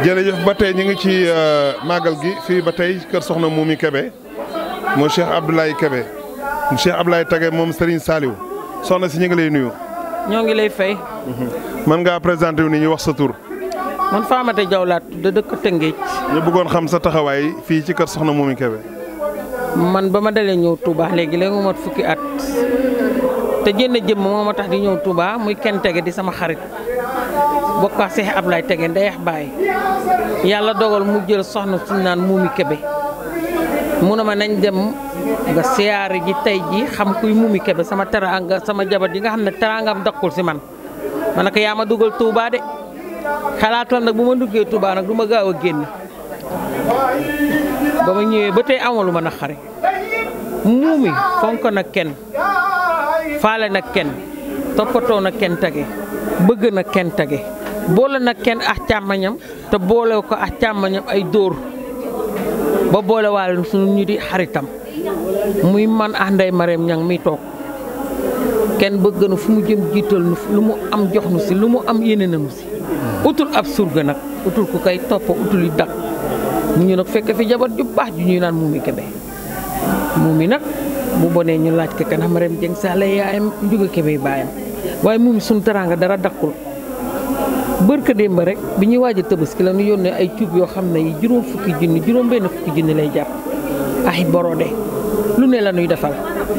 jërëjëf ba tey ñu ngi ci màggal gi fii ba tey kër soxna Momy Kébé moo Cheikh Abdoulaye Kébé mu Cheikh Abdoulaye Tage moom Serigne Saliou soxna si ñu ngi lay nuyu. ñoo ngi lay fay. man ngaa présenté wu ni ñu wax sa tur. man Famata Diaw laa dëkk Tëngéej. ñu bëggoon xam sa taxawaay fii ci kër soxna Momy Kébé. man ba ma dalee ñëw Touba léegi léegi mu mat fukki at te jënn jëmm moo ma tax di ñëw Touba muy kenn tege di sama xarit bokk ak Cheikh Ablaye tege ndeyax baay yàlla dogal mu jël soxna suñ naan muumi kebe mu ne ma nañ dem nga siyaare ji tey ji xam kuy muumi kebe sama teraanga sama jabar ji nga xam ne teraangam dakkul si man ma ne ko yaa ma dugal Touba de xalaatoon nag bu ma duggee Touba nag du ma gaaw a génn ba ma ñëwee ba tey amalu ma naqari muumi fonk na kenn faale na kenn toppatoo na kenn tage bëgg na kenn tage boole na kenn ak càmmañam te boole ko ak càmmañam ay dóor ba boole waale suñu ñu di xaritam muy man ak Ndeye Marème Niang mi toog kenn bëgg na fu mu jëm jiital nu lu mu am jox si lu mu am yéene na si utul ab surga nag utul ku koy topp utul yi dag mu ñu nag fekk fi jabar ju baax ju ñuy naan Momy Kébé Momy nag bu bonee ñu laaj ko kanam Marème Dieng Sall yaayam jóge Kébé baayam waaye Momy suñu teraanga dara daqul bërka démb rek bi ñuy waaja a tabaski la ñu yónnee ay cuub yoo xam ne yi juróom fukki junni juróom benn fukki junni lay jàpp ay borode lu ne la ñuy defal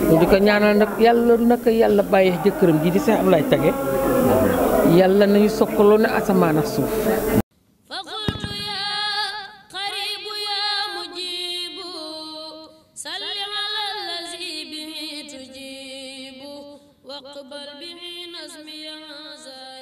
mu di ko ñaanal nag yàlla naka yàlla bàyyi jëkkëram ji di Seex Ablaay Tage yàlla nañu sokkaloo ne asamaan ak suuf صل على الذي به تجيب واقبل به يا هذا